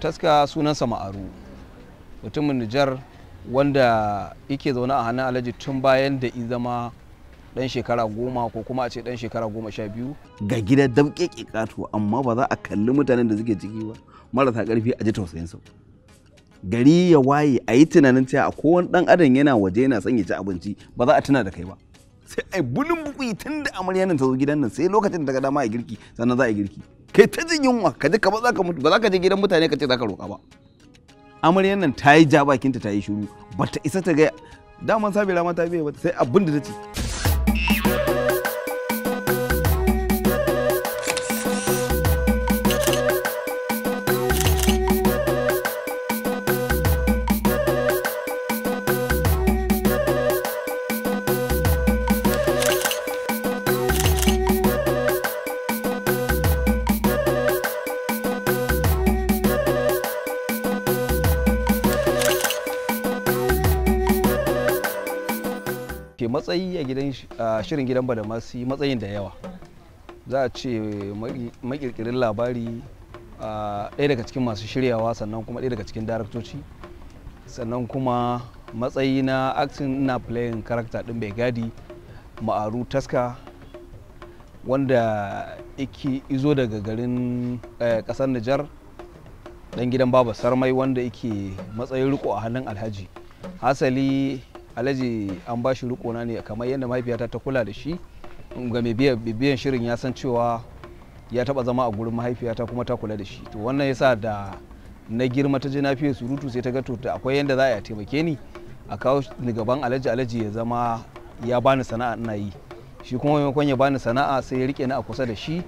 taska sunansa ma'aru mutumin nijar wanda yake zaune a hannun alhaji tun bayan da i zama dan shekara goma ko kuma a ce dan shekara goma sha biyu ga gida damƙeƙe ƙato amma ba za a kalli mutanen da suke ciki ba marasa karfi a ji tausayin su gari ya waye a yi tunanin cewa a kowane dan adam yana waje yana son ya ci abinci ba za a tuna da kai ba sai ai bulun bukuyi tun da amarya nan ta zo gidan nan sai lokacin da daga dama a girki sannan za a girki kai ta jin yunwa ka ji kamar ka mutu ba za ka je gidan mutane ka ce za ka roƙa ba amaryan nan ta yi ja bakinta ta yi shiru bata isa ta ga daman sabira ma ta biye ba sai abin da ta ce matsayi a gidan shirin gidan badamasi matsayin da yawa za a ce makirkirin labari ɗaya daga cikin masu shiryawa sannan kuma ɗaya daga cikin daraktoci sannan kuma matsayi na acting ina playing character ɗin bai gadi ma'aru taska wanda yake izo daga garin eh, ƙasar nijar ɗan gidan baba sarmai wanda yake matsayin riko a hannun alhaji hasali alhaji an ba shi rukona ne kamar yadda mahaifiyata ta kula da shi ga mai biyan shirin ya san cewa ya taba zama a gurin mahaifiyata kuma ta kula da shi to wannan yasa da na girma ta ji na fiye surutu sai ta ga to akwai yadda za a yi taimake ni a kawo ni gaban alhaji alhaji ya zama ya bani sana'a ina yi shi kuma maimakon ya bani sana'a sai ya rike ni a kusa da shi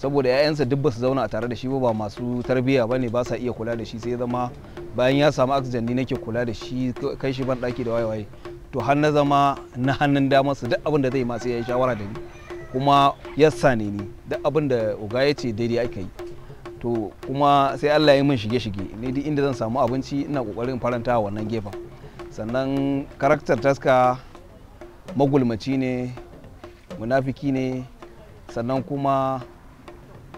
saboda 'ya'yansa duk basu zauna a tare da shi ba ba masu tarbiyya bane ba sa iya kula da shi sai zama bayan ya samu accident ni nake kula da shi kai shi ban daki da waye to har na zama na hannun dama su duk abin da zai masu yayin shawara da ni kuma ya sani ni duk abin da uga ya ce daidai aka yi to kuma sai Allah ya min shige-shige ne duk inda zan samu abinci ina kokarin faranta wannan gefen sannan karaktar taska magulmaci ne munafiki ne sannan kuma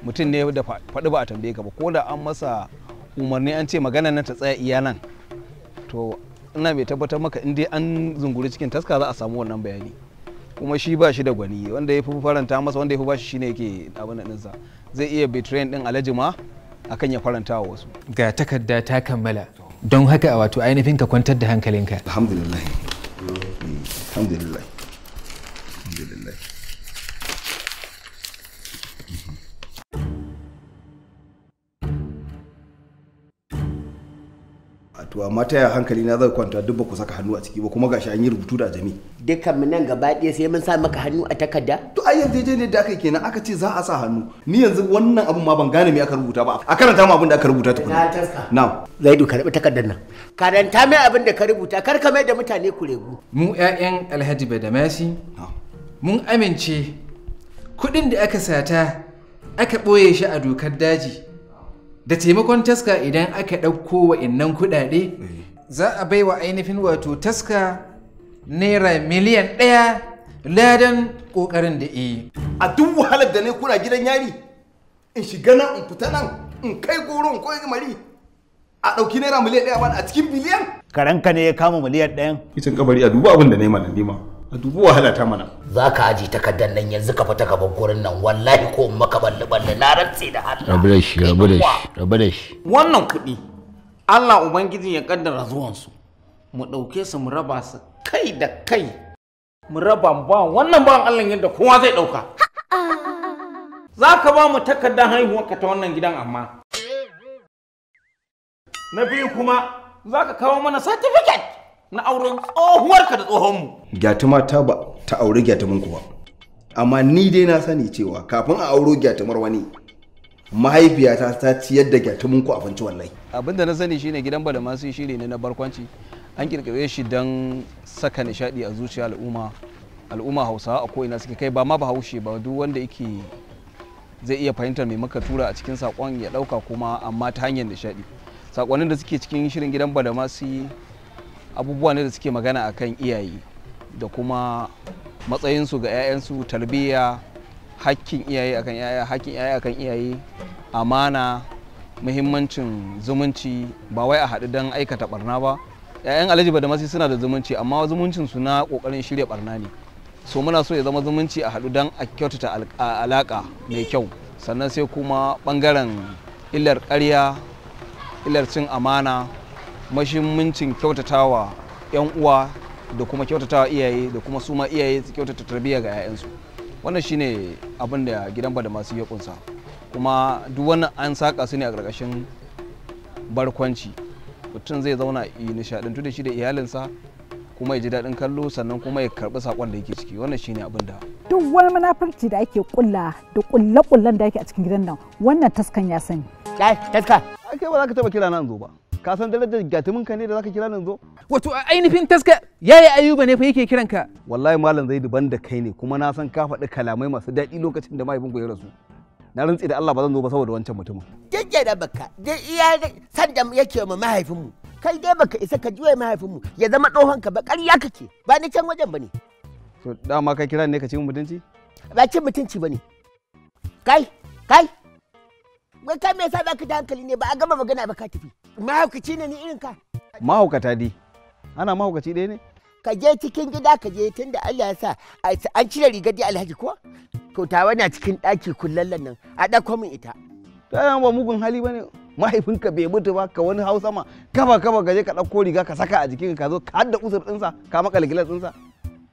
mutum ne da faɗi ba a tambaye ka ba ko da an masa umarni an ce magana nan ta tsaya iya nan to ina mai tabbatar maka in dai an zunguri cikin taska za a samu wannan bayani kuma shi ba shi da gwani wanda ya fi faranta masa wanda ya fi bashi shine yake abin da ɗinsa zai iya betrayin din alajima ma akan ya faranta wa wasu ga takarda ta kammala don haka a wato ainihin ka kwantar da hankalinka alhamdulillah alhamdulillah alhamdulillah to amma ta yaya hankali na zai kwanta duk ba ku saka hannu a ciki ba kuma gashi an yi rubutu da jami dukkan mu nan gaba ɗaya sai mun sa maka hannu a takarda to ai yanzu je ne da aka kenan aka ce za a sa hannu ni yanzu wannan abun ma ban gane me aka rubuta ba a karanta mu abin da aka rubuta tukuna na taska na'am zaidu karbi takardar nan karanta mai abin da ka rubuta kar ka mai da mutane kuregu mu ƴaƴan Alhaji Badamasi mun amince kuɗin da aka sata aka ɓoye shi a dokar daji da taimakon taska idan aka ɗauko wa innan kuɗaɗe eh. za a bai wa ainihin wato taska naira miliyan ɗaya ladan ƙoƙarin da yi eh. a duk wahalar da ne kuna gidan yari in shiga nan in fita nan in kai goro in koyi mari a ɗauki naira miliyan ɗaya ba a cikin miliyan? karanka ne ya kama miliyan ɗayan kicin kabari a duba abin da na yi a dubu wahala ta mana za ka aji takardar nan yanzu ka fita gaban gurin nan wallahi ko in maka balle balle na rantse da Allah rabu da shi rabu da shi rabu da shi wannan kuɗi Allah ubangiji ya kaddara zuwan su mu dauke su mu raba su kai da kai mu raba ba wannan ba Allah yadda kowa zai dauka. za ka ba mu takardar ka ta wannan gidan amma na biyu kuma za ka kawo mana certificate na auren tsohuwarka da tsohonmu. Gyatuma ta ba ta auri gyatumin kuwa. Amma ni dai na sani cewa kafin a auro gyatumar wani mahaifiyata ta ciyar da gyatumin ku abinci wallahi. Abin da na sani shine gidan balama sun shiri ne na barkwanci. An kirkire shi don saka nishadi a zuciya al'umma. Al'umma Hausawa a ko'ina suke kai ba ma ba haushe ba duk wanda yake zai iya fahimtar mai maka tura a cikin sakon ya dauka kuma amma ta hanyar nishadi. Sakonnin da suke cikin shirin gidan balama su abubuwa ne da suke magana a kan iyaye da kuma matsayinsu ga 'ya'yansu tarbiyya hakkin iyaye akan iyaye hakkin iyaye akan iyaye amana muhimmancin zumunci ba wai a haɗu don aikata barna ba 'ya'yan alhaji da masu suna da zumunci amma zumuncin na ƙoƙarin shirya barna ne so muna so ya zama zumunci a haɗu don a kyautata alaƙa mai kyau sannan sai kuma ɓangaren illar ƙarya illar cin amana mahimmancin kyautatawa 'yan uwa da kuma kyautatawa iyaye da kuma su iyaye su kyautata tarbiyya ga 'ya'yansu wannan shine abin da gidan bada masu ya kunsa kuma duk wani an saka su ne a ƙarƙashin barkwanci mutum zai zauna yi nishaɗantu da shi da iyalinsa kuma ya ji daɗin kallo sannan kuma ya karɓi saƙon da yake ciki wannan shine abin da duk wani munafurci da ake kulla da kulle-kullen da ake a cikin gidan nan wannan taskan ya sani kai taska ake ba za ka taɓa kira nan zo ba ka san da gatumin ka ne da zaka kira nan zo wato ainihin taska yayi ayuba ne fa yake kiran ka wallahi malam zaidu ban da kai ne kuma na san ka faɗi kalamai masu daɗi lokacin da mahaifinku ya rasu na rantsi da Allah ba zan zo ba saboda wancan mutumin gege da baka dai iya san da yake ma mahaifinmu kai dai baka isa ka mahaifin mahaifinmu ya zama tsohon ka ba ƙarya kake ba ni can wajen bane to dama ka kira ne ka ci mutunci ba ci mutunci bane kai kai wai kai me yasa ka da hankali ne ba a gama magana ba ka tafi mahaukaci ne ni irin ka mahaukata dai ana mahaukaci dai ne ka je cikin gida ka je tunda Allah ya sa an cire rigar da alhaji ko to tawa na cikin ɗaki kullallan nan a ɗauko min ita ta ba mugun hali bane mahaifinka bai mutu ba ka wani hausa ma kaba kaba ka je ka ɗauko riga ka saka a jikin ka zo ka hadda usur ɗinsa ka maka gilas ɗinsa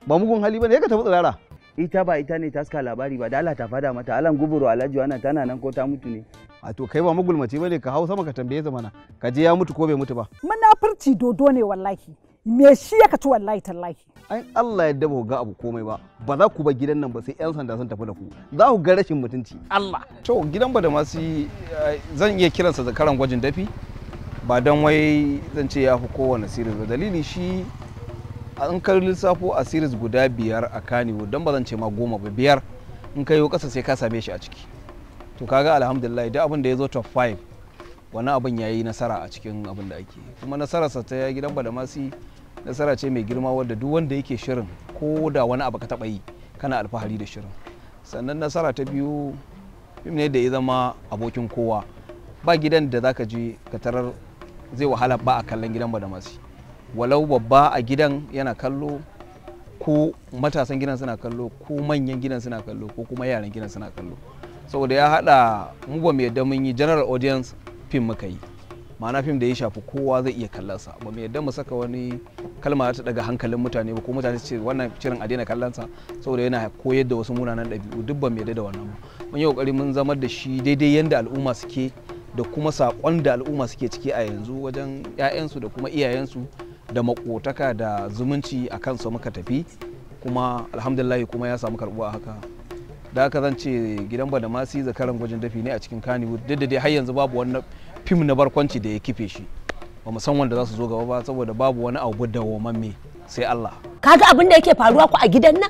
ba mugun hali bane ya ka tafi tsirara ita ba ita ne ta saka labari ba da Allah ta fada mata alan guburu alhaji wannan tana nan ko ta mutu ne a to kai ba magulmaci bane ka hau sama ka tambaye sa mana ka je ya mutu ko bai mutu ba munafurci dodo ne wallahi me shi ya kaci wallahi tallahi ai Allah ya daba ga abu komai ba ba za ku ba gidan nan ba sai yan sanda sun tafi da ku za ku ga rashin mutunci Allah to gidan ba da masu eh, zan iya kiransa zakaran gwajin dafi ba dan wai zan ce ya fi kowane sirri ba dalili shi an kai lissafo a series guda biyar a kanewo dan ba zan ce ma goma ba biyar in ka yi kasa sai ka same shi a ciki to kaga alhamdulillah duk abin da ya zo top 5 wani abin ya yi nasara a cikin abin da ake kuma nasararsa ta gidan badamasi nasara ce mai girma wadda duk wanda yake shirin ko da wani abu ka taɓa yi kana alfahari da shirin sannan nasara ta biyu fim ne da ya zama abokin kowa ba gidan da zaka je ka tarar zai wahala ba a kallon gidan badamasi walau babba a gidan yana kallo ko matasan gidan suna kallo ko manyan gidan suna kallo ko kuma yaran gidan suna kallo saboda ya haɗa mu mai yadda mun yi general audience fim muka yi ma'ana fim da ya shafi kowa zai iya kallonsa ba mu yadda mu saka wani kalma ta daga hankalin mutane ba ko mutane ce wannan cirin a daina kallonsa saboda yana koyar da wasu munanan ɗabi'u duk ba mu yadda da wannan ba mun yi ƙoƙari mun zamar da shi daidai yadda al'umma suke da kuma saƙon da al'umma suke ciki a yanzu wajen 'ya'yansu da kuma iyayensu da makotaka da zumunci a kansa muka tafi kuma alhamdulillah kuma ya samu karɓuwa haka da haka zan ce gidan badamasi zakaran gwajin dafi ne a cikin kaniwood duk da dai har yanzu babu wani fim na barkwanci da ya kife shi ba mu san wanda za su zo gaba ba saboda babu wani abu da me sai Allah kaga abin da yake faruwa ku a gidan nan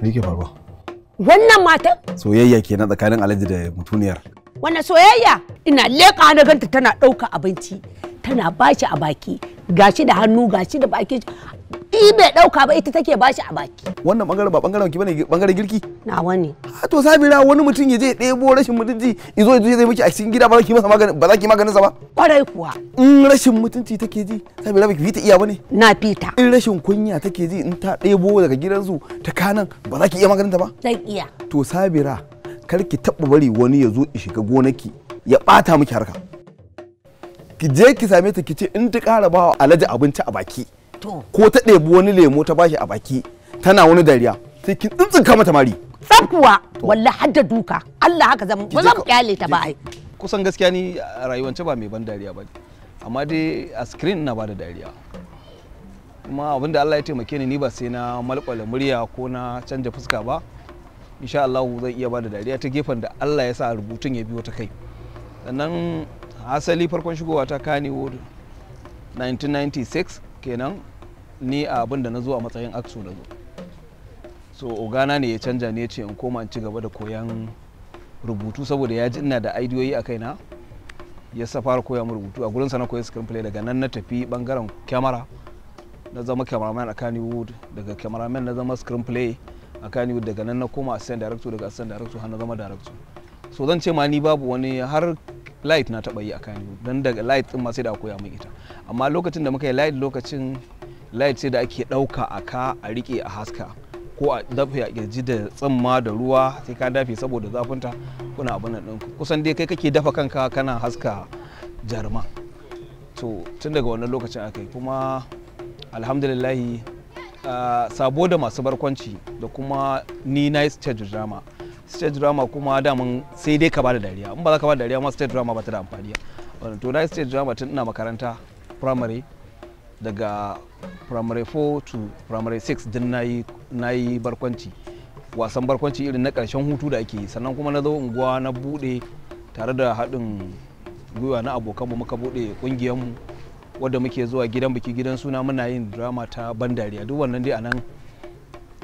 me yake faruwa wannan matan soyayya ke na tsakanin Alhaji da mutuniyar wannan soyayya ina leka na ganta tana ɗauka abinci tana bashi a baki gashi da hannu gashi da baki i bai dauka ba ita take bashi a baki wannan bangaren ba bangaren ki bane bangaren girki na wani Ha ah, to sabira wani mutum ya je ɗebo rashin mutunci izo zo zai miki a cikin gida ba za ki masa magani ba za ki maganin sa ba kwarai kuwa in rashin mutunci take ji sabira baki fita iya bane na fita in rashin kunya take ji in ta ɗebo daga gidansu ta kanan ba za ki iya maganin ta ba zan iya to sabira kar ki taɓa bari wani ya zo ya shiga gonaki ya ɓata miki harka ki je ki same ta ki ce in ta ƙara bawa alaji abinci a baki ko ta ɗebi wani lemo ta bashi a baki tana wani dariya sai kin kama ta mari tsakuwa walla hadda duka Allah haka zan ba zan kyale ta ba kusan gaskiya ni rayuwance ba mai ban dariya ba amma dai a screen na bada dariya kuma abinda Allah ya taimake ni ni ba sai na malƙwala murya ko na canja fuska ba insha Allah zan iya da dariya ta gefen da Allah ya sa rubutun ya biyo ta kai sannan asali farkon shigowa ta Kannywood 1996 kenan ni a abin da na zo a matsayin aksu na zo so ogana ne ya canja ne ya ce in koma in ci gaba da koyan rubutu saboda ya ji ina da idiyoyi a kaina ya sa fara koya mu rubutu a gurin sa na koyi screenplay daga nan na tafi bangaren kyamara na zama cameraman a kannywood daga cameraman na zama screenplay a kannywood daga nan na koma assistant director daga assistant director har na zama director so zan ce ma ni babu wani har light na taɓa yi a kayan don daga light din ma sai da koya min ita amma lokacin da muka yi light lokacin light sai da ake ɗauka a ka a rike a haska ko a dafe a kirji da tsamma da ruwa sai ka dafe saboda zafinta kuna abin nan ɗin kusan dai kai kake dafa kanka kana haska jarma to tun daga wannan lokacin aka yi kuma alhamdulillahi ah, sabo da masu barkwanci da kuma ni na yi stage drama stage drama kuma daman sai dai ka bada dariya in ba za ka bada dariya ma stage drama ba ta da amfani to na stage drama tun ina makaranta primary daga primary 4 to primary 6 din na yi barkwanci wasan barkwanci irin na karshen hutu da ake sannan kuma na zo unguwa na bude tare da haɗin gwiwa na abokanmu muka bude mu wadda muke zuwa gidan biki gidan suna muna yin drama ta ban dariya duk wannan dai anan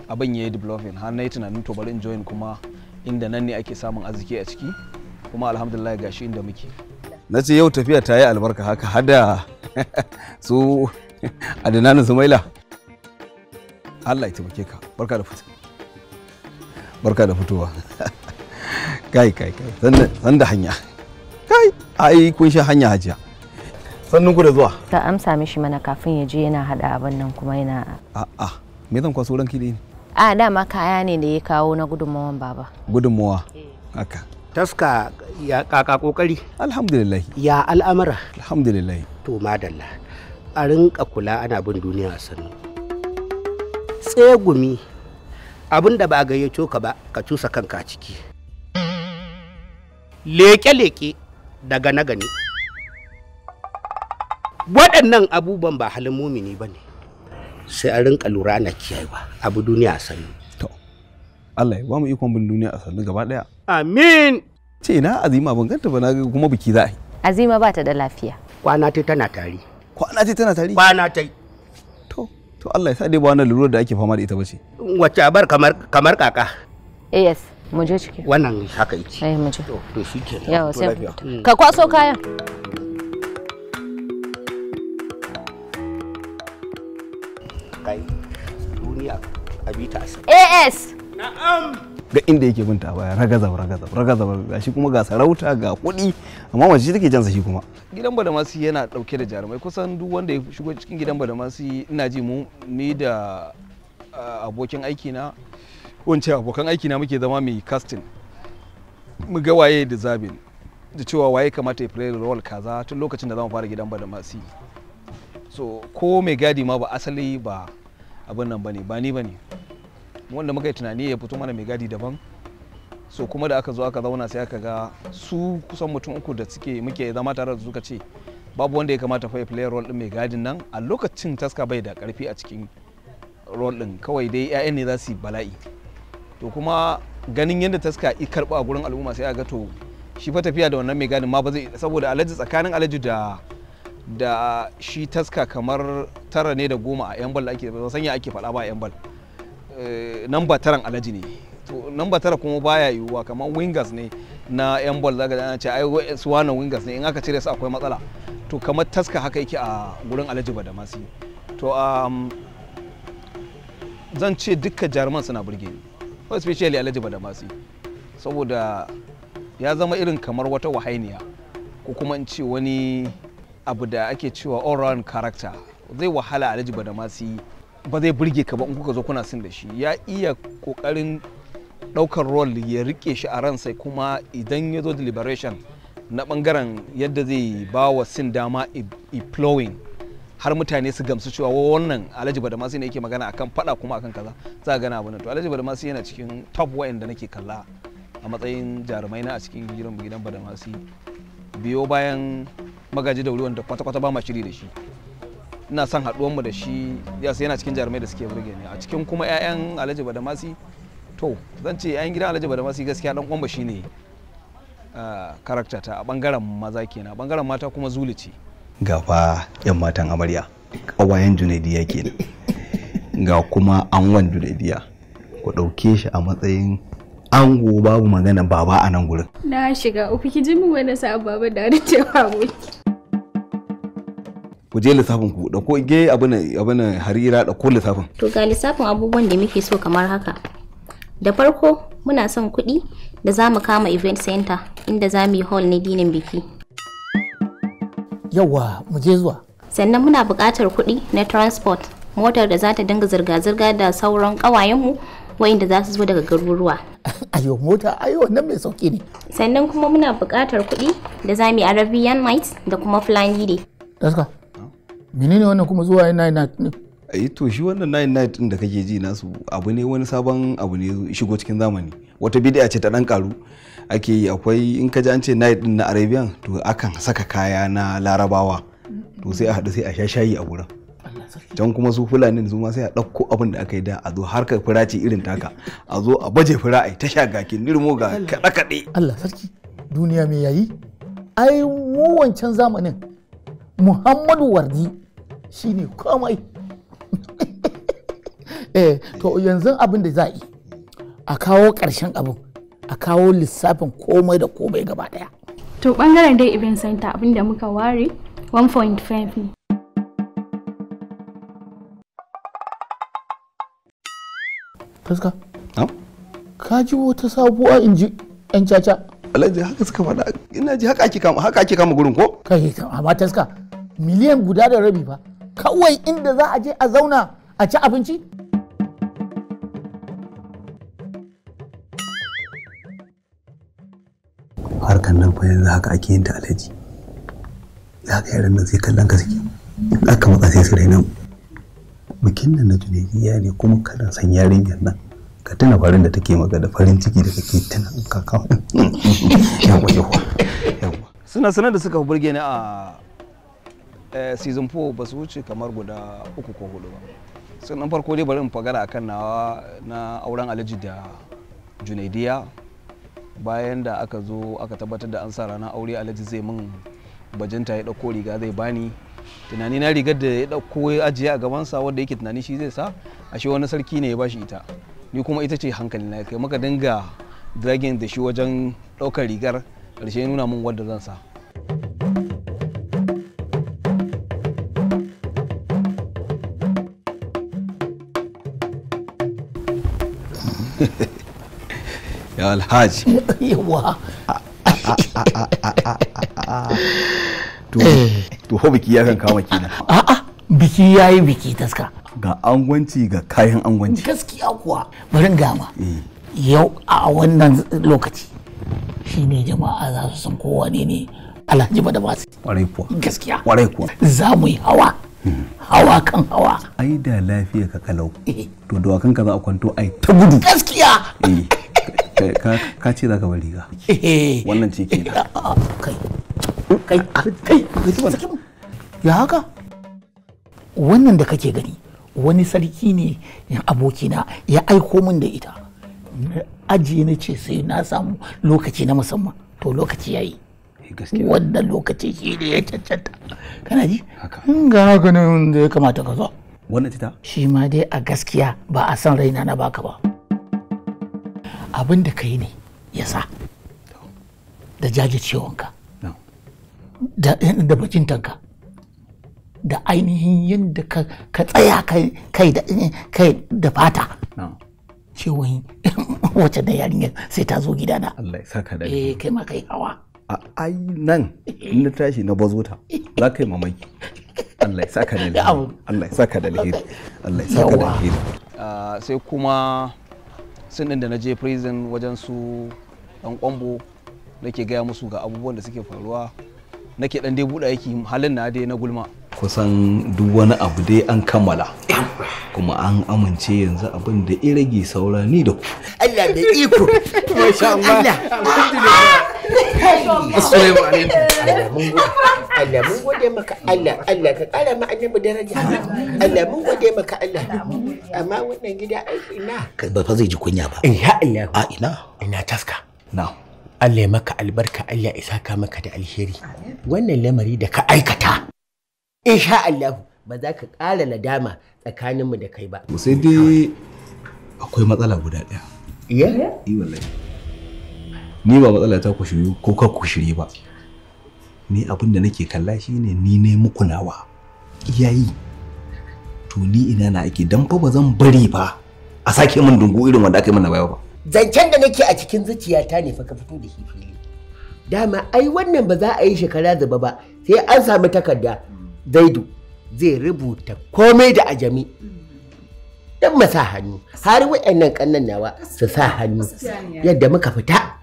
abin ya yi developing har na yi tunanin to bari in join kuma inda nan ne ake samun arziki a ciki kuma alhamdulillah gashi inda muke na ce yau tafiya ta yi albarka haka hada su adinanin sumaila allah ya taimake ka barka da fitowa barka da fitowa kai kai kai san da hanya kai ai kun sha hanya hajiya sannun ku da zuwa ta amsa mishi mana kafin ya je yana hada abin nan kuma yana a'a me zan kwaso ranki ne a dama kaya ne da ya kawo na gudunmawan baba gudunmawa eh. haka taska ya kaka kokari alhamdulillah ya al'amara alhamdulillah to madalla a rinka kula ana bin duniya a sannu tsegumi abin da ba a gayyato ka ba ka cusa kanka a ciki leke-leke daga na gani waɗannan abubuwan ba halin mumini ba ne sai a rinka lura ana kiyayewa abu duniya a sannu to Allah ya ba mu ikon bin duniya a sannu gaba daya amin ce na azima ban ganta ba na ga kuma biki za a yi azima ba ta da lafiya kwana tai tana tari kwana tai tana tari kwana tai to to Allah ya sa dai ba wannan lura da ake fama da ita ba ce wacce abar kamar kamar kaka eh, yes mu je ciki wannan haka yake eh mu je to shikenan ya sai hmm. ka kwaso kayan kai duniya as na'am ga inda yake binta baya ragaza ragaza ragaza shi kuma ga sarauta ga kuɗi amma wace take jansa shi kuma gidan badamasi yana dauke da jarumai kusan duk wanda ya shigo cikin gidan badamasi ina ji mu ni da ah, abokin aiki na wance abokan aiki na muke zama mai casting mu ga waye da zabin da cewa waye kamata ya play role kaza tun lokacin da zamu fara gidan badamasi so ko mai gadi ma ba asali ba abin nan bane ba ni bane wanda muka yi tunani ya fito mana mai gadi daban so kuma da aka zo aka zauna sai aka ga su kusan mutum uku da suke muke zama tare da suka ce babu wanda ya kamata fa player role din mai gadin nan a lokacin taska bai da karfi a cikin role din kawai dai 'ya'yan ne za su yi bala'i to kuma ganin yadda taska i karba a gurin al'umma sai aka ga to shi fa tafiya da wannan mai gadin ma ba zai saboda alaji tsakanin alaji da da shi taska kamar tara ne da goma a yan bal ake ba sanya ake faɗa ba a yan bal eh, namba taran alaji ne to namba tara kuma baya yiwuwa kamar wingers ne na yan bal da ana ce ai su wannan wingers ne in aka cire su akwai matsala to kamar taska haka yake a gurin alaji ba da masu to um, zan ce dukkan jaruman suna burge ni especially alhaji badamasi saboda ya zama irin kamar wata wahainiya ko kuma in ce wani abu da ake cewa all round character zai wahala alhaji lajiba da masu ba zai burge ka ba in kuka zo kuna sin da shi ya iya kokarin daukar role ya rike shi a ransa kuma idan ya zo deliberation na bangaren yadda zai ba wa sin dama i flowing har mutane su gamsu cewa wannan alhaji badamasi ne yake magana akan fada kuma akan kaza za a gana abu to alhaji badamasi yana cikin top wayan da nake kalla a matsayin jarumai na a cikin gidan gidan badamasi biyo bayan magaji da ruwan da kwata-kwata ba ma shiri da shi ina son haɗuwanmu da shi ya sai yana cikin jarumai da suke burge ni a cikin kuma 'ya'yan alhaji badamasi to zan ce 'ya'yan gidan alhaji badamasi gaskiya dan kwamba shi ne karakta ta a bangaren maza kenan a bangaren mata kuma zuli ce ga fa 'yan matan amarya ƙawayen junaidiya kenan ga kuma angon junaidiya ku ɗauke shi a matsayin ango babu magana baba a nan gurin na shiga uku ki ji min wani sa'a baba da cewa muke ku je lissafin ku da ko ge abin abin harira da ko lissafin to ga lissafin abubuwan da muke so kamar haka da farko muna son kuɗi da za mu kama event center inda za mu yi hall na dinin biki yawa mu je zuwa sannan muna buƙatar kuɗi na transport motar da za ta dinga zirga-zirga da sauran ƙawayenmu wayanda za su zo daga garuruwa. Ayo mota ayo nan mai sauki ne. Sannan kuma muna buƙatar kuɗi da za mu yi Arabian nights da kuma flying day. menene wannan kuma zuwa yin nine. night ne eh to shi wannan nine night din da kake ji nasu abu ne wani sabon abu ne shigo cikin zamani wata bid'a ce ta dan karu ake yi akwai in ka ji an ce night din na arabian to akan saka kaya na larabawa to sai a haɗu sai a sha shayi a gurin can kuma su fulani su ma sai a ɗauko abin da aka yi da a zo harkar fura ce irin taka a zo a baje fira a ta sha gaki nirmo ga kaɗe kaɗe Allah sarki duniya me yayi ai mu wancan zamanin Muhammadu Wardi shine komai eh to yanzu abin da za yi a kawo ƙarshen abin a kawo lissafin komai da komai gaba daya to bangaren dai event center abin da muka ware 1.5 ne Ha? ka ji wata sabuwa in ji yan caca alhaji haka suka faɗa ina ji haka ake kama gurin ko kai amma taska miliyan guda da rabi ba. kawai inda za a je a zauna a ci abinci harkar nan fa yanzu haka ake yin ta alhaji za ka yaran nan sai kallon ka suke aka matsa sai su nan bikin nan na tunisiya ne kuma kallon san yarinyar nan ka tuna farin da take maka da farin ciki da kake tuna in ka kawo yawa yawa suna sanar da suka burge ni a Eh, season 4 ba su wuce kamar guda uku ko hudu ba nan farko dai bari in fagara akan nawa na auren alhaji da junaidiya bayan da aka zo aka tabbatar da an sa ranar aure alhaji zai min bajinta ya dauko riga zai bani tunani na rigar da ya dauko ya ajiye a gabansa wanda yake tunani shi zai sa ashe wani sarki ne ya bashi ita ni kuma ita ce hankali na kai maka dinga dragging da shi wajen ɗaukar rigar ƙarshe nuna min wanda zan sa ya alhaji yawa to ho biki ya kan kama kenan a'a biki yayi biki taska ga angwanci ga kayan angwanci gaskiya kuwa bari gama eh. yau a wannan lokaci shine jama'a za su san kowa ne ne alhaji ba da ba su kwarai kuwa gaskiya kwarai kuwa za mu yi hawa hawa kan hawa ai da lafiya ka kalau eh. to da kan ka za a kwanto ai ta gudu gaskiya eh. ka ce za ka bari ka eh. wannan ce ke da ah, kai kai ah, kai ya haka wannan da kake gani wani sarki ne abokina ya aiko min da ita aji na ce sai na samu lokaci na musamman to lokaci ya yi wannan lokaci shi ne ya cancanta kana ji ga haka ne da ya kamata ka zo wannan tita shi ma dai a gaskiya ba a san raina na baka ba abin da ka yi ne ya sa da jajircewanka da bacintanka da ainihin yadda ka tsaya kai da fata cewa wacce da yarinyar sai ta zo gidana Allah ya saka da eh kai ma kai hawa a ai nan na tashi na bazo ta za ka yi mamaki Allah ya saka da alheri Allah ya saka da alheri Allah ya saka da alheri ah, sai kuma sun din da na je prison wajen su dan kwambo nake gaya musu ga abubuwan da suke faruwa nake dan dai buɗe yake halin na dai na gulma kusan duk wani abu dai an kammala kuma an amince yanzu abin da irage saura ni da ku Allah da iko masha Allah Assalamu alaikum. Allah mun gode maka Allah Allah ka kara mu annabi daraja. Allah mun gode maka Allah. Amma wannan gida ai ina. Ba fa zai ji kunya ba. In ya Allah. A ina. Ina taska. Na. Allah ya maka albarka Allah ya saka maka da alheri. Wannan lamari da ka aikata. Insha Allah ba za ka ƙara nadama tsakaninmu da kai ba. Sai dai akwai matsala guda ɗaya. Iya? Iya wallahi. ni ba matsala ta ku shiryu ko ka ku ba ni abin da nake kalla shine ni ne muku nawa iyayi to ni ina na ake dan fa ba zan bari ba a sake min dungu irin wanda aka yi min na ba zancen da nake a cikin zuciyata ne fa ka fito da shi fili dama ai wannan ba za a yi shekara da ba sai an samu takarda zaidu zai rubuta komai da ajami dan ma sa hannu har wayannan kannan nawa su sa hannu yadda muka fita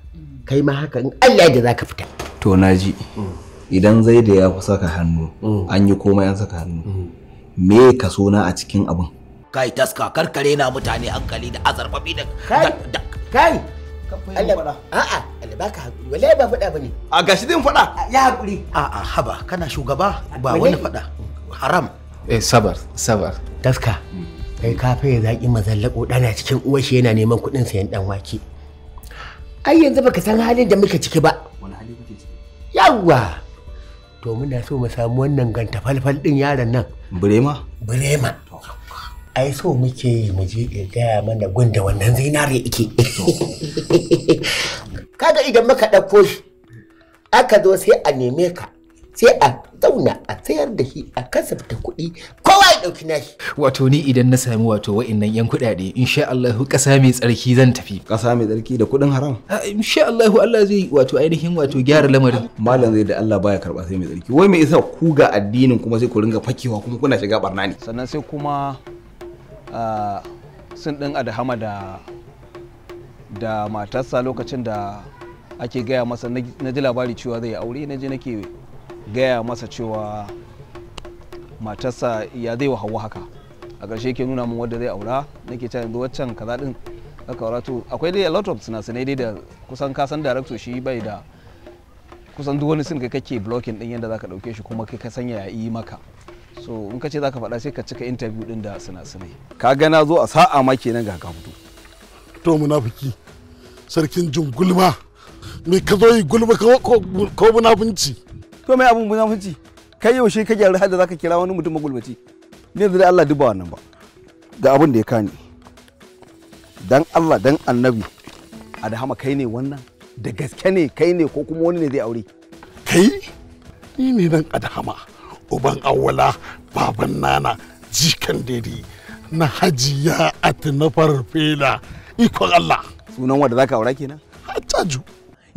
kai ma haka in Allah za zaka fita to naji idan zai da ya saka hannu mm. an yi komai an saka hannu mm. me kaso na a cikin abin kai taska karkare na mutane hankali da azarfafi da kai kai a'a Allah baka hakuri ba faɗa bane a gashi din faɗa ya hakuri a'a haba kana shugaba ba wani faɗa haram eh sabar sabar taska mm. kai kafe ya zaki mazallako dana cikin uwar yana neman kuɗin sayan dan wake ai yanzu baka san halin da muke ciki ba wani hali kuke ciki to muna so mu samu wannan ganta falfal din yaron nan burema burema ai so muke yi mu je ya gaya mana gunda wannan zinare yake kaga idan muka ɗauko shi aka zo sai a neme ka sai a zauna a sayar da shi a kasafta kuɗi kowa ya ɗauki nashi. Wato ni idan na sami wato wa'innan 'yan kuɗaɗe sha Allahu ƙasa mai tsarki zan tafi. Ƙasa mai tsarki da kuɗin haram? sha Allahu Allah zai wato ainihin wato gyara lamarin. Malam zai da Allah baya karɓa sai mai tsarki. Wai me yasa ku ga addinin kuma sai ku ringa fakewa kuma kuna shiga barna ne. Sannan sai kuma sun ɗin adahama da da matarsa lokacin da ake gaya masa na ji labari cewa zai aure na je nake gaya masa cewa matarsa ya zai wahawu hawa haka a ƙarshe ke nuna min wadda zai aura nake cewa yanzu waccan kaza din aka aura to akwai dai a lot of sinasinai dai da kusan kasan director shi bai da kusan duk wani sin kai kake blocking din yadda zaka dauke shi kuma kai ka sanya ya yi maka so in ka ce zaka faɗa sai ka cika interview din da sinasinai ka ga na zo a sa'a ma kenan ga ka fito to munafiki sarkin jin gulma me ka zo yi gulma ko munafunci to mai abun munafunci kai yaushe ka gyara har da zaka kira wani mutum magulmaci ne da Allah duba wannan ba ga abin da ya kani dan Allah dan annabi a kai ne wannan da gaske ne kai ne ko kuma wani ne zai aure kai ni ne dan adahama uban awwala baban nana jikan dede na hajiya ati na farfela ikon Allah sunan wanda zaka aura kenan hajjaju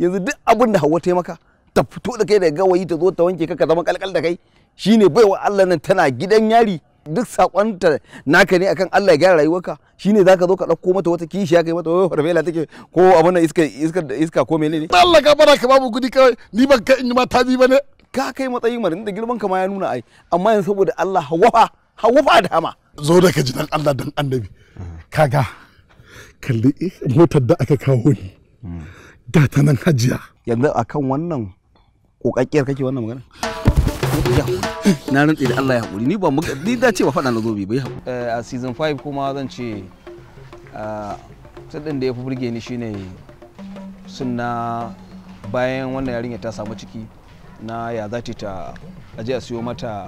yanzu duk abin da Hauwa ta maka ta fito da kai daga gawayi ta zo ta wanke ka ka zama kalkal da kai shine baiwa Allah nan tana gidan yari duk sakonta naka ne akan Allah ya gyara rayuwarka shine zaka zo ka dauko mata wata kishiya kai mata wai oh, farfela take ko abin nan iska iska iska ko menene Allah ka bara ka babu gudi kai ni ban kai in ma ta bi bane ka kai matsayin mar da girman ka ma ya nuna ai amma yanzu saboda Allah hawafa hawafa da hama zo da ka ji dan Allah dan annabi kaga kalli motar da aka kawo ni da hmm. ta nan hajiya yanzu akan wannan kokakkiyar kake wannan magana na rantsi da Allah ya haƙuri ni ba ni da ce ba faɗa na zo bai haƙuri eh, a season 5 kuma zan ce sadin ah, da ya fi burge ni shine sunna bayan wannan yarinya ta samu ciki na ya za ta aje a siyo mata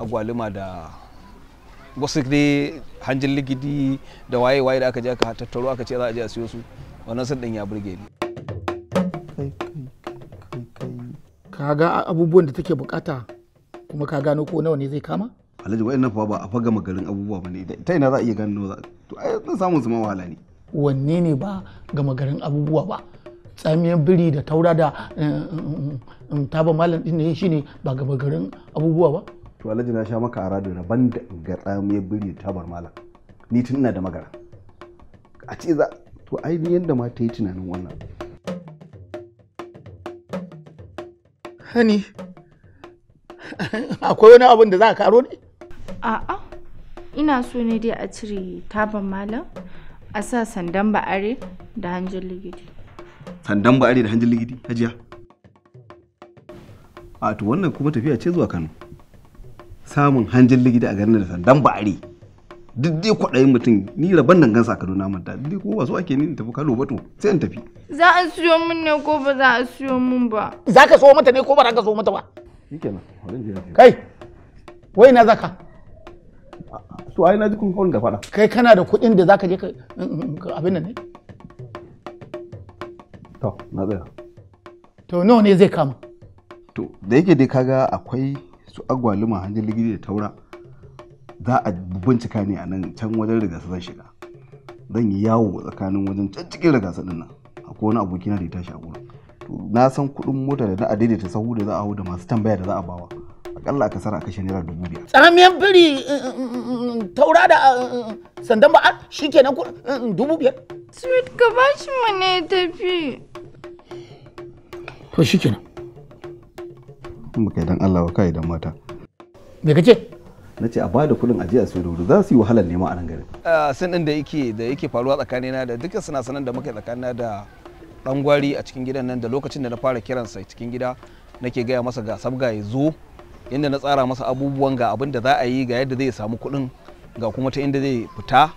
agwaluma da wasu dai hanjin ligidi da waye waye da aka je aka tattaro aka ce za a je a siyo su wannan sadin ya burge ni ka ga abubuwan da take bukata kuma ka gano ko nawa ne zai kama alhaji wa'annan fa ba a faga magarin abubuwa bane ta ina za a iya gano to ai sun samu su ma wahala ne wanne ne ba gama garin abubuwa ba tsamiyan biri da taura da eh, eh, eh, taba malam din ne shine ba gama garin abubuwa ba to alhaji na sha maka arado na ban da ga tsamiyan biri da tabar malam ni tun ina da magara a ce za to ai yanda ma ta yi tunanin wannan Hani, akwai wani abin da za a karo ne? A'a, ina so ne dai a cire taban malam, a sa sandan ba'are da hanjin ligidi. Sandan ba'are da hanjin ligidi, hajiya? A to wannan kuma tafiya ce zuwa Kano. Samun hanjin ligidi a garin da sandan ba'are. duk dai kwaɗayin mutum ni rabon nan gansa kaduna manta duk ko wasu ake ni tafi kalo ba sai in tafi za a siyo min ne ko ba za a siyo min ba za ka so mata ne ko ba za ka so mata ba shikenan kai wai na zaka to ai na ji kun kawai da faɗa kai kana da kuɗin da zaka je ka abin nan ne to na tsaya to nawa ne zai kama to da yake dai kaga akwai su agwaluma hanjin ligidi da taura za a bincika ne a nan can wajen rigasa zan shiga zan yi yawo tsakanin wajen can cikin rigasa din nan akwai wani abokina da ya tashi a gurin to na san kuɗin mota da na a daidaita sahu da za a hau da masu tambaya da za a bawa akalla a kasar a kashe naira dubu biyar. tsamiyan biri mm, mm, mm, taura da sandan ba'ar shi kenan dubu biyar. sweet ka ba shi mana ya tafi. to shi kenan. in kai dan Allah wa kai dan mata. me kace? na ce a bada kuɗin ajiya su da za su yi wahalar nema a nan garin sun ɗin da yake da yake faruwa na da dukkan sanan da muka tsakanina da dan gwari a cikin gidan nan da lokacin da na fara kiran sa cikin gida nake gaya masa ga sabga ya zo inda na tsara masa abubuwan ga abin da za a yi ga yadda zai samu kuɗin ga kuma ta inda zai fita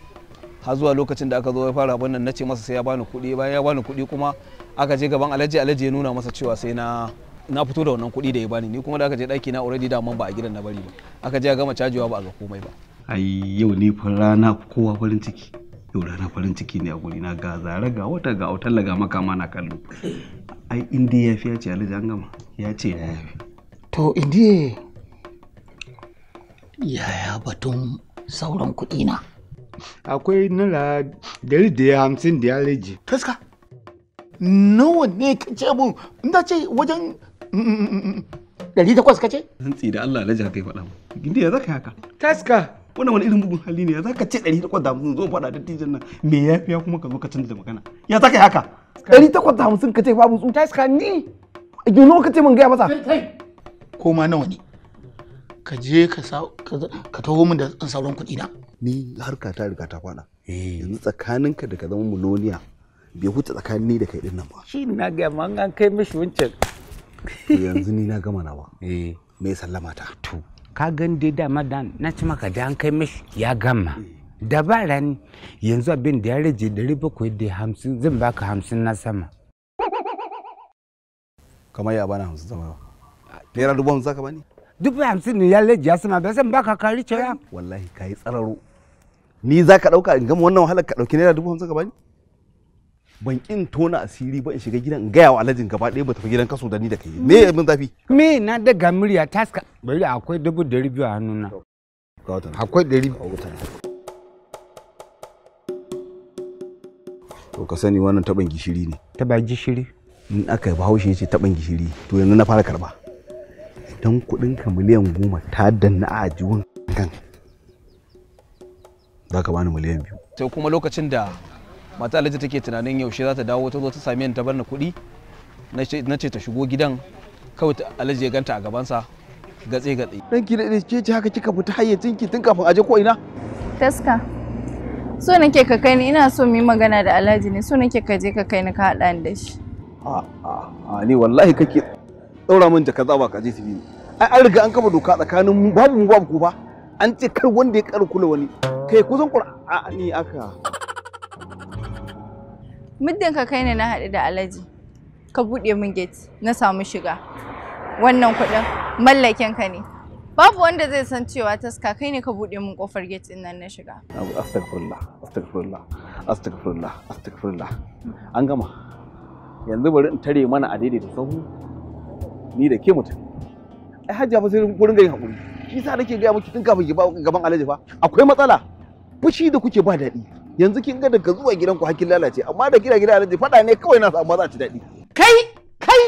har zuwa lokacin da aka zo ya fara abin nan na masa sai ya bani kuɗi bayan ya bani kuɗi kuma aka je gaban alaji alaji ya nuna masa cewa sai na na fito da wannan kuɗi da ya bani ni kuma da aka je ɗaki na already da ba a gidan na bari ba aka je gama cajewa ba a ga komai ba ai yau ne fa rana kowa farin ciki yau rana farin ciki ne a guri na ga zara ga wata ga autar ga ma na kallo ai indiya ya fi ya ce alhaji an gama ya ce ya yafi to indiya ya batun sauran kuɗi na akwai nala dari da hamsin da ya leji taska nawa ne ka mun in ce wajen ɗari takwas kace? Zantsi da Allah alaji haka ya faɗa mu. Gindi ya zaka haka. Taska. Wannan wani irin bugun hali ne ya zaka ce ɗari takwas da hamsin zo faɗa dattijan nan me ya fiya kuma ka zo ka canza magana. Ya zaka haka. Ɗari takwas da hamsin kace babu tsu. Taska ni. Gino eh, ce mun gaya masa. Ko ma nawa ne? Ka je ka taho min da sauran kuɗi na. Ni harka ta riga ta faɗa. Eh. Yanzu tsakaninka da ka zama miloniya bai huta tsakanin ni da kai ɗin nan ba. Shi na gaya ma an kai mishi wancan. yanzu ni na gama nawa eh. mai sallama ta to ka gan dai dama dan na ci maka da an kai mishi ya gama dabaran yanzu abin da ya rage dari bakwai da hamsin zan baka hamsin na sama kamar ya bana hamsin sama naira dubu hamsin ka bani dubu hamsin ne ya rage ya sama bai san baka kari cewa wallahi ka yi tsararo ni za ka ɗauka in gama wannan wahalar ka ɗauki naira dubu hamsin ka bani ban in tona asiri ba in shiga gidan in gaya wa alajin gaba ɗaya ba tafi gidan kaso da ni da kai me ya zafi me na daga murya taska bari akwai dubu dari biyu a hannuna akwai dari to ka sani wannan taban gishiri ne taban gishiri in aka yi bahaushe ya ce taban gishiri to yanzu na fara karba idan kuɗin ka miliyan goma ta danna a ajiyun kan za ka bani miliyan biyu sai kuma lokacin da mata alhaji take tunanin yaushe za ta dawo ta zo ta same ni ta bar ni kuɗi na ce ta shigo gidan kawai alhaji ya ganta a gabansa gatse gatse dan ki da ke ce haka kika fita hayyacin ki tun kafin aje ko ina taska so nake ka kai ni ina so mu yi magana da alhaji ne so nake ka je ka kai ni ka hada ni da shi a a ni wallahi kake daura min da kaza ba ka je su bi ai an riga an kafa doka tsakanin mu babu mu babu ku ba an ce kar wanda ya karu kula wani kai kusan qur'ani aka muddin ka kai ne na haɗu da alaji ka buɗe min gate na samu shiga wannan kuɗin mallakin ka ne babu wanda zai san cewa taska kai ne ka buɗe min ƙofar gate ɗin nan na shiga astagfirullah astagfirullah astagfirullah astagfirullah an gama yanzu bari in tare mana a daidaita sahu ni da ke mutum ai Hajiya ba sai gurin ga yin haƙuri shi sa nake gaya miki tun kafin ki ba gaban alaji fa akwai matsala fushi da kuke ba daɗi yanzu kin ga daga zuwa gidanku hakin lalace amma da gida gida alaji faɗa ne kawai nasu amma za ci daɗi kai kai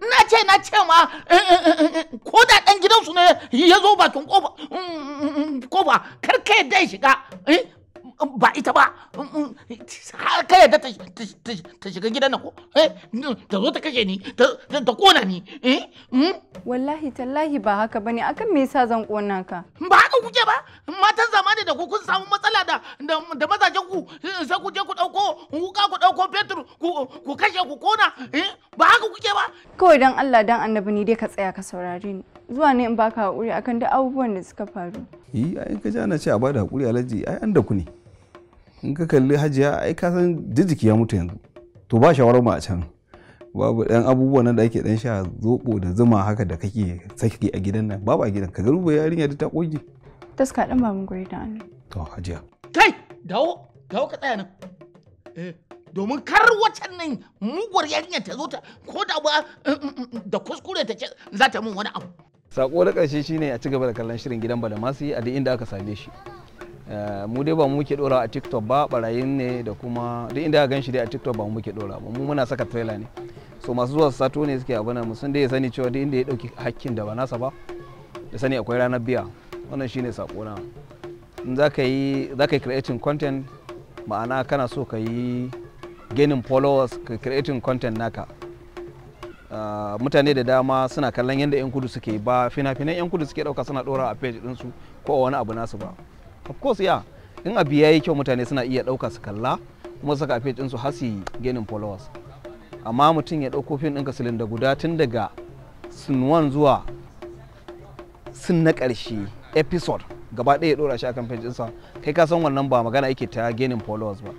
na ce na ce ma eh, eh, eh, ko da ɗan gidansu ne ya zo bakin kofa kofa mm, mm, mm, kar ka yadda ya shiga ba ita ba har ka yadda ta shiga gidan nan ko ta zo ta kashe ni ta kona ni wallahi tallahi ba haka bane akan me yasa zan kona ka ba haka kuke ba matan zamani da ku kun samu matsala da da mazajen ku eh, sai ku je ku dauko wuka ku dauko fetur ku ku kashe ku kona eh, ba haka kuke ba kawai dan Allah dan annabi ni dai ka tsaya ka saurare ni zuwa ne in baka hakuri akan duk abubuwan da suka faru yi ai ka ji ana ce a bada hakuri alaji ai an da ku ne in ka kalli hajiya ai ka san jijiki ya mutu yanzu to ba shawarar mu a can babu ɗan abubuwan nan da ake ɗan sha zoɓo da zuma haka da kake saki a gidan nan babu a gidan ka garba yarinya da ta ƙoge taska suka ba mun guri da an to hajiya kai dawo dawo ka tsaya nan eh domin kar wacan nan muguwar yarinya ta zo ta ko da ba eh, mm, mm, mm, da kuskure ta ce za ta mun wani abu sako na ƙarshe shine a ci gaba da kallon shirin gidan badamasi a duk inda aka same shi eh, mu dai ba mu muke dora a tiktok ba barayin ne da kuma duk inda gan shi dai a tiktok ba mu muke dora ba mu muna saka trailer ne so masu zuwa sato ne suke abuna musun da ya sani cewa inda ya dauki hakkin da ba nasa ba da sani akwai ranar biya wannan shine sako na in za ka yi za ka yi creating content ma'ana kana so ka yi gaining followers ka creating content naka Uh, mutane da dama suna kallon yadda 'yan kudu suke ba fina-finan 'yan kudu suke dauka suna dora a page dinsu ko a wani abu nasu ba of course ya yeah. in abu ya yi kyau mutane suna iya dauka su kalla kuma saka a page dinsu har su yi gainin followers amma mutum ya ɗauko fim ɗinka silinda guda tun daga sin 1 zuwa sin na ƙarshe episode gaba ɗaya ya ɗora shi akan fejinsa kai ka san wannan ba magana yake ta genin followers ba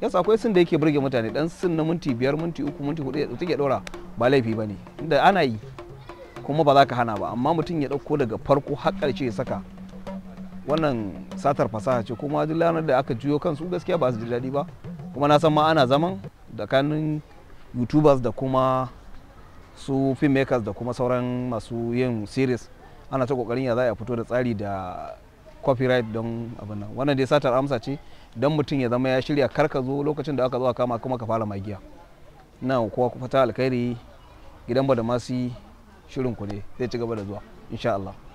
yasa akwai sin da yake burge mutane dan sin na minti biyar minti uku minti hudu ya ya ɗora ba laifi ba ne inda ana yi kuma ba za ka hana ba amma mutum ya ɗauko daga farko har ƙarshe ya saka wannan satar fasaha ce kuma duk lanar da aka juyo kansu gaskiya ba su ji daɗi ba kuma na san ma ana zaman da kanin youtubers da kuma su filmmakers da kuma sauran masu yin series ana ta kokarin ya za a fito da tsari da copyright don abin nan wannan dai satar amsa ce don mutum ya zama ya shirya kar ka zo lokacin da aka zo a kama kuma ka fara magiya na kowa ku fata alkhairi gidan ba da masu shirin ku ne zai ci gaba da zuwa insha Allah